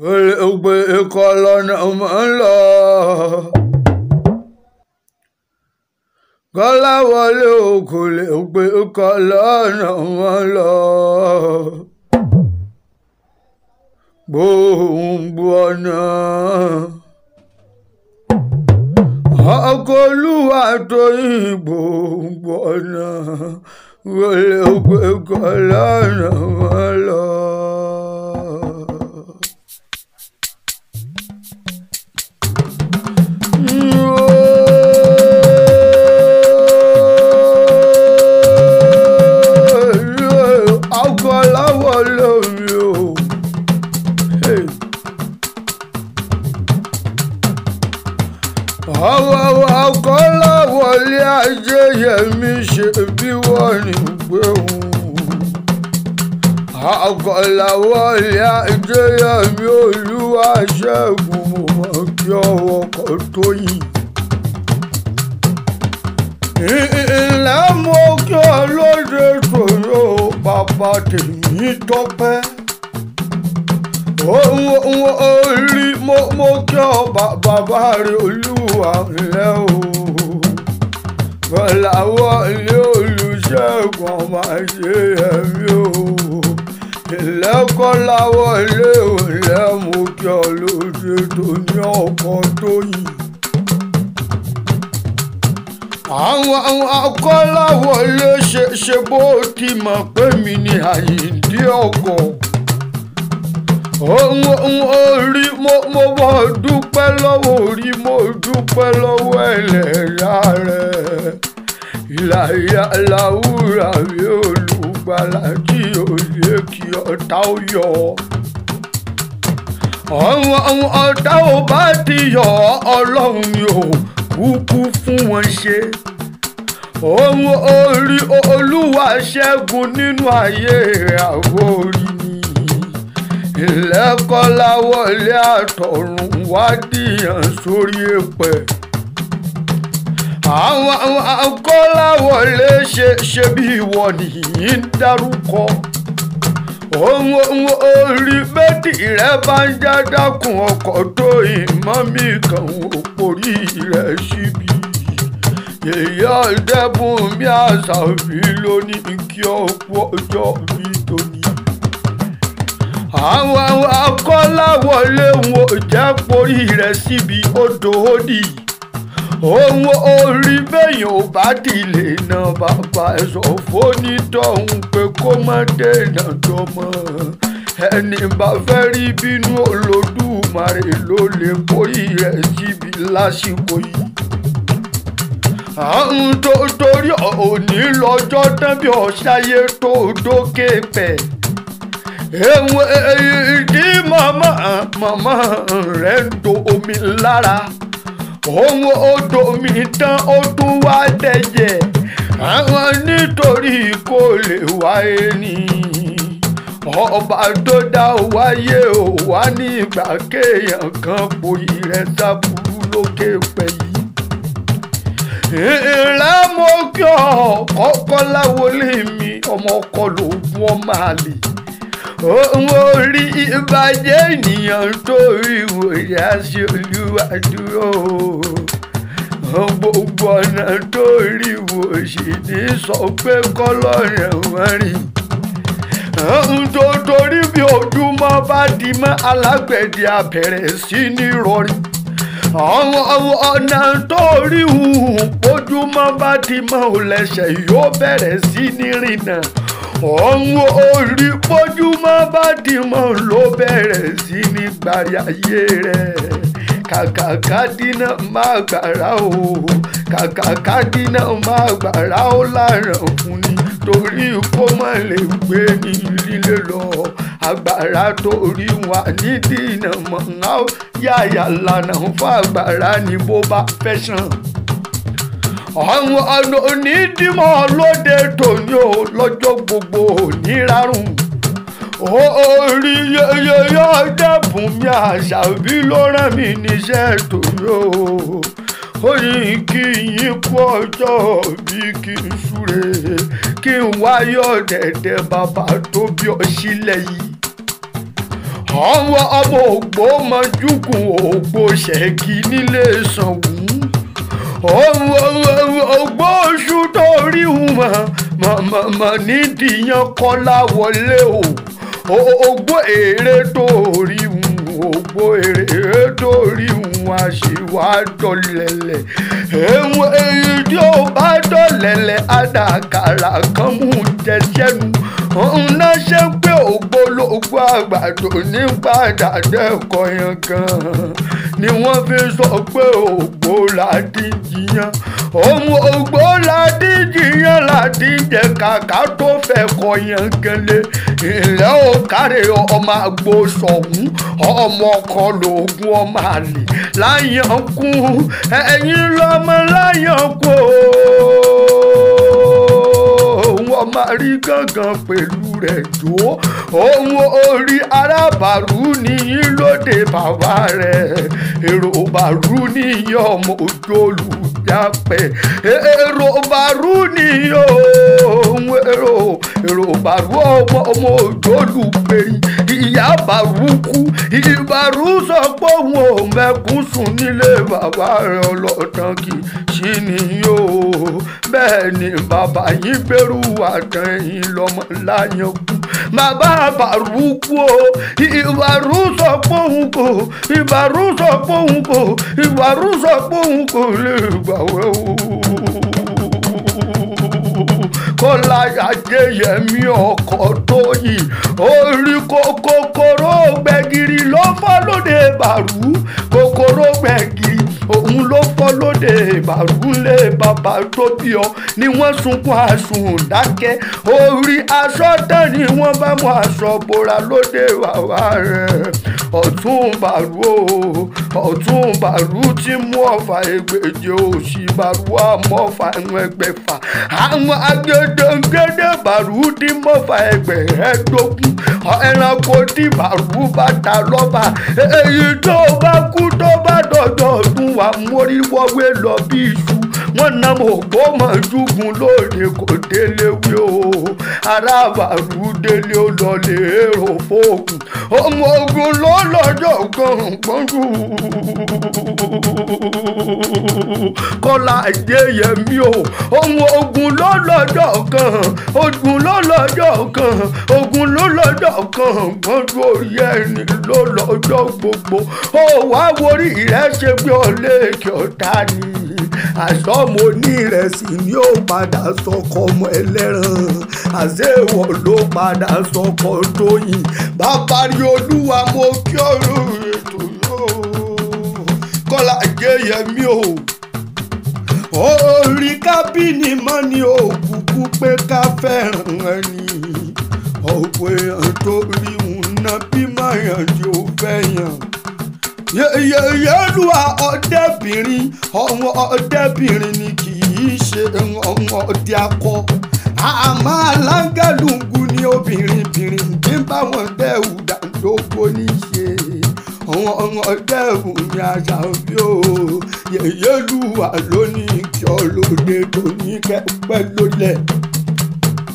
gbé ikọ̀ lọ́nà mọ́ ń lọ. kọ́láwọlé òkú lè gbé ikọ̀ lọ́nà mọ́ ń lọ. gbòǹgbò ọ̀nà. ọkọ̀ olúwa tó yìn gbòǹgbò ọ̀nà. àwọ̀ ọkọ̀ láwọlé ajé yẹmi ṣe bí wọ́n ní gbé wọn. ọkọ̀ láwọlé ajé yẹmi olúwa ṣẹ́gun mo mọ̀ kí ọwọ́ kan tó yìn. ńlẹ́ mo kí ọ lóde tòyó bàbá tèmi tọ́pẹ́ ohun orí mo kí ọ bàbá rẹ olúwa wà lẹ́ o fọláwọ́ ilé olùṣègùn ọmọ ṣe ẹ̀mí o ìlẹ́kọ̀ọ́láwọ́ ilé òlẹ́ mú kí ọ lóde tó ní ọkọ̀ tó yìn. àwọn akọ́láwọ̀ ilé ṣe bó ti mọ̀ pé mi ni àyíǹde ọkọ̀ orí mo mo dúpẹ́ lọ́wọ́ orí mo dúpẹ́ lọ́wọ́ ẹlẹ́yà rẹ̀ ìlàyà làwúrà mi olùgbàlà kí òye kí ọ̀tá ó yọ ọ̀hún ọ̀tá ò bá ti yọ ọlọ́run ni ò kúkú fún wọn ṣe ohun orí olúwa ṣẹ́gun nínú ayé àwòrán ìlẹ́kọ́lá wọlé àtọ̀run wádìyàn sórí èpẹ̀ àwọn akọ́lá wọlé ṣe ṣe bí ìwọ nìyí ń dárúkọ ohun orí bẹ́ẹ̀dì rẹ bá ń já dákun ọkọ̀ tó ìmọ̀mí kan òpórí rẹ síbi èyí ọ̀dẹ́bùnmí àṣàbí lónìí kí ọ̀pọ̀ ọjọ́ bí tóní àwọn akọ́láwọlé wọn ò jẹ́ porí rẹ̀ síbi odò òdì òun orí bẹ́yìn ò bá dìlé náà bàbá ẹ̀sọ́ fónítọ̀hún pé kó má dènà dọ́mọ ẹni bá fẹ́ rí bínú olódùmarè ló lè porí rẹ̀ síbi lásìkò yìí àwọn tó torí òní lọ́jọ́ tán bí ọ̀ṣayé tó dókè pẹ̀. Èwọ̀n ìdí màmá màmá rẹ̀ ń do omi lára. Òun odò mi tán ó tún wá dẹ̀jẹ̀. Àwọn nítorí kò lè wá ẹni. Ọba tó dá wáyé ò wá ní ìgbà kéèyàn kan pòyì rẹ̀ sábúrú lókè pẹ̀ yìí ìlàmọ́kẹ́ ọ̀kọ́kọ́ láwọlé mi ọmọ ọkọ lòògùn ọmọ àlè òun orí ìbàjẹ́ ènìyàn torí ìwòye àṣẹ olúwa dúró gbogbo ọ̀nà torí ìwòye ní sọ pé kọ́lọ́rẹ̀ wọ́n rìn nítorí bí ojúmọ́ bá di mọ́ alágbẹ̀dẹ abẹ̀rẹ̀ sí ní rọrí àwọn ọ̀nà tó rí hùhùn bójúmọ́ bá di mọ́ ò yóò bẹ̀rẹ̀ sí ní rìnnà ọ̀hún orí pójúmọ́ bá dìmọ̀ ló bẹ̀rẹ̀ sí ní gbàrí ayé rẹ̀ kàkàkà dínà máa gbàrà o kàkàkà dínà máa gbàrà o láràn fún ni torí kó má lè gbé ní lílé lọ agbára torí wà ní dínà mọ̀ ń yáyà lànà fún agbára ni bó bá fẹ́ sàn àwọn àna onídìmọ̀ lóde tòní o lọ́jọ́ gbogbo nírarùn orí yẹyẹ dẹ́bùn mi àṣàbí ló rán mi níṣẹ́ tòní o ó yìí kí yín kú ọjọ́ bí kí n súre kí n wáyọ̀ dẹ̀dẹ̀ bàbá tó bí ọ sílẹ̀ yìí àwọn ọmọ ògbó máa jùkùn ògbó ṣẹ́gi nílé Ṣàngún ògbó oṣù tó rí wọn màmá nídìyàn kọ́lá wọlé o ògbó èrè tó rí wọn ògbó èrè torí wọn àṣìwà dọ̀lẹ̀lẹ̀ ẹ̀wọ̀n èyí tí ó bá dọ̀lẹ̀lẹ̀ àdàkàrà kan mú jẹsẹ́nu ọ̀hún náà ṣe pé òkú àgbàdo ní gbàdàdé kọyàn kan ni wọ́n fi sọ pé ògbó ládìjìyàn ọmọ ògbó ládìjìyàn ládìjẹ kàkà tó fẹ́ kọyàn gẹ́lẹ́ ilẹ̀ òkàrẹ̀ ọmọ àgbo sọ̀hún ọmọ ọkọ lòògùn ọmọ àlè láyànkú ẹ̀yin lọ́mọ láyànkú òun ọmọ rí gángan pẹ̀lú rẹ̀ jó ohun orí arábàrú nìyí lóde bàbá rẹ̀ èrò bàrú nìyí ọmọ òjò olùjápẹ̀ èrò bàrú nìyí ohun èrò èrò bàrú ọmọ ọmọ òjò olùgbèyí ìyá bàrúkú ìbàrú sọ pé òun ò mẹ́kún sùn nílé bàbá rẹ̀ ọlọ́tàn kì í ṣí ni yóò bẹ́ẹ̀ ni bàbá yín gbèrú àtàn yín lọ́mọ láyàn kú bàbá bàrúkú o ìbàrú sọ pé òun kò ìbàrú sọ pé òun kò ìbàrú sọ pé òun kò lè gbàwẹ̀ o láyà Adéyẹmí ọkọ̀ Tóyìn orí kòkòrò gbẹ̀gìrì ló fọ́ lóde bàrú kòkòrò gbẹ̀gìrì òun ló fọ́ lóde ìbàrú lé bàbá tó bí ọ ni wọ́n sunkún àsùn dákẹ́ orí aṣọ tán ni wọ́n bá mú aṣọ bora lóde bàbá rẹ̀ ọ̀tún bàrú o ọ̀tún bàrú tí mú ọ̀fà ẹgbẹ̀je òsì bàrú àmọ́fà ẹ̀wọ̀n ẹgbẹ̀fà àwọn agbẹ̀dẹ̀gbẹ̀dẹ̀ baru dí mọ́fà ẹgbẹ̀ẹ́dógún ẹranko dí bàrú bàtà lọ́ba èyí tó bá kú tó bá dọ̀dọ̀ ọdún àmóríwọ́wé lọ bí iṣu wọ́n na ògbó mọ̀júgun lóde kò délé wí o arábàrú délé ó lọ lè èrò fóògùn ọmọ ogun ló lọ́jọ́ gbọ̀ngbọ̀njú kọ́lá Adéyẹmí o ọmọ ogun ló lọ́jọ́ kan ogun ló lọ́jọ́ kan ogun ló lọ́jọ́ kan gbọ̀njú orí ẹni ló lọ́jọ́ gbogbo ó wàá worí rẹ ṣe bí ọ lè àṣọmọ onírẹsì ni ó padà sọkọ ọmọ ẹlẹ́ran àṣẹwọ̀ ló padà sọkọ tóyìn bàbá rí olúwa mo kí ọ̀rọ̀ ètò yóò kọ́lá jẹ́yẹmí o orí kábìnì mọ́ ni òkùnkùn pé ká fẹ́ràn ẹni ọ̀pọ̀ èèyàn tó rí òun náà bí máa yẹ́lúwa ọ̀dẹ́bìnrin ọ̀wọ́n ọ̀dẹ́bìnrin ni kì í ṣe ọ̀wọ́n ọ̀dẹ́ akọ àmọ́ alágàlùngù ni obìnrin bìnrin tí báwọn dẹ́wù dàdógbò ní ṣe àwọn ọmọ dẹ́wù ni àṣà bí o yẹ̀yẹ́lúwa lónìí kí ọlọ́dẹ tó ní kẹ́pẹ́ lólẹ̀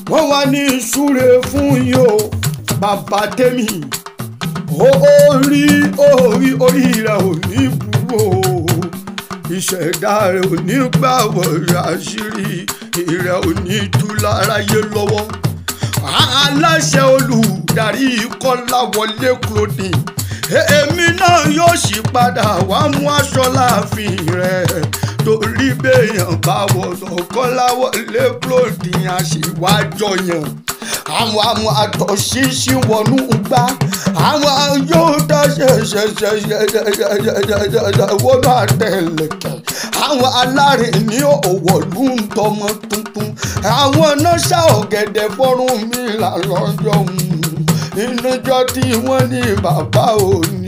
wọ́n wá ní ìṣúre fún yìí o bàbá tèmi orí orí orí rẹ̀ ò ní burú o ìṣẹ̀dá rẹ̀ ò ní gbàwọ̀ rẹ̀ àṣírí rẹ̀ ò ní tú láráyé lọ́wọ́ aláṣẹ olùdarí kọ́lá wọlé kúròdì èmi náà yóò sì padà wá mú aṣọ láàfin rẹ̀ torí béèyàn bá wọ̀dọ̀ kọ́lá wọlé kúròdì àṣìwájọyàn àwọn àwọn àtọ̀ṣíṣí wọnú gbá àwọn yóò dá ṣẹṣẹṣẹṣẹṣẹṣẹṣẹṣẹ wọ́n bá tẹ̀lẹ̀kẹ̀ àwọn alárin ní òwò ló ń tọmọ tuntun àwọn náṣà ọ̀gẹ̀dẹ̀ fọ́rùn mi là lọ́jọ́ inújọ́ tí wọ́n ní bàbá òní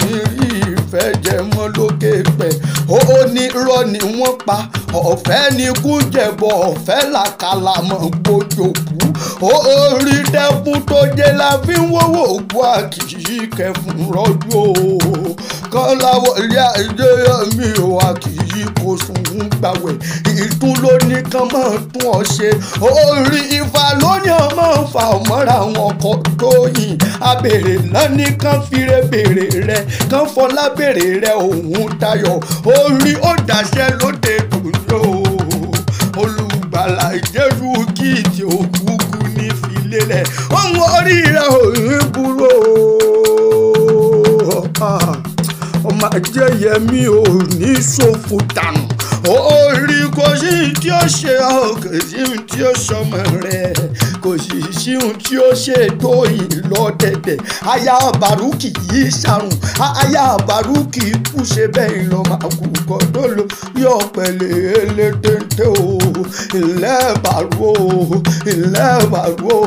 fẹ́ jẹ mọ́ lókè pẹ̀ ó ní irọ́ ni wọ́n pa ọ̀fẹ́ ni kújẹ̀bọ̀ ọ̀fẹ́ làkàlà mọ̀ gbójòkú ó rí dẹ́kun tó jẹ́ la fi ń wọ́wọ́ òkú àkìsí kẹfùn rọ́jò. Kan kọ́láwọ́ ilé ayé mi ò wá kì í kó sùn ń gbàwẹ̀ ìtún ló ní kán máa tún ọ ṣe orí ifá lónìí ọmọ fa ọmọra àwọn ọkọ tó yìn abèrè náà ní kán fire bèrè rẹ kán fọlá bèrè rẹ òun tayọ orí ó dàṣẹ lóde tòló olùgbàlà ìjẹ́rú kìtì òkúkú ní filélẹ̀ òun. èmi ò ní ṣòfò dànù orí kò sí tí ó ṣe ọ kò sí tí ó ṣọmọ rẹ kò sì sí tí ó ṣe tó ìlọdẹdẹ aya baruki yìí ṣàrùn aya baruki kù ṣe bẹ́ẹ̀ lọ máa kú kọ́ tó lọ yọ pẹ̀lẹ́ elétẹ́ntẹ́ o ilẹ̀ bàrú o ilẹ̀ bàrú o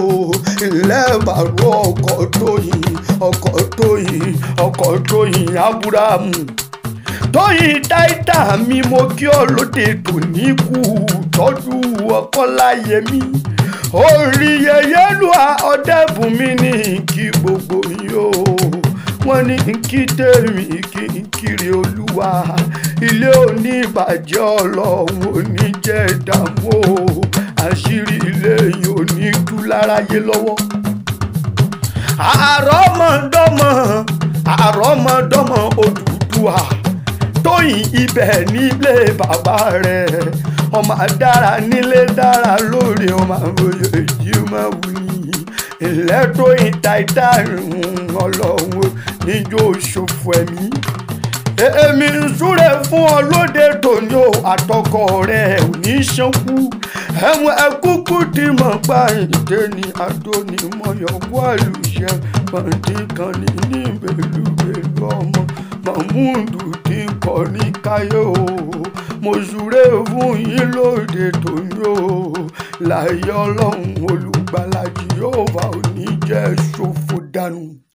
ilẹ̀ bàrú ọkọ̀ tóyìn ọkọ̀ tóyìn ọkọ̀ tóyìn abúrámù tóyìn dáìdá mi mo kí ọ lóde tòní kù tọ́jú ọkọ́láyẹmí orí yẹyẹlúwa ọ̀dẹ́bùnmi ní kí gbogbo yìí o wọ́n ní kí tèmi kí n kiri olúwa ilé òní ìbàjẹ́ ọlọ́run òní jẹ́ ìdààmú o àṣírí ilé yìí òní tú láráyé lọ́wọ́. àrọ́mọdọ́mọ àrọ́mọdọ́mọ Odùduwà tóyìn ibẹ̀ nílé bàbá rẹ̀ ọmọ dára nílé dára lórí ọmọ òye ìjímọ̀ wuyì ìlẹ́tọ̀ taita ìrùn ọlọ́run níjó ṣòfò ẹ̀mí. èmi ń súre fún ọ lóde tòní o àtọkọ rẹ ò ní ṣankú ẹ̀wọ̀n ẹ̀kúkú ti mọ̀ pa ìdè ní adónímọ̀yọ̀ wọ́ọ̀lù ṣẹ́ pàǹtí kan ní níbẹ̀lú pẹ̀lú ọmọ mahmood ti kọ ní káyọ̀ o mo ṣúré fún yín lóde tó ń yó láyé ọlọ́run olùgbàlà Jèhófà ò ní jẹ́ ṣòfò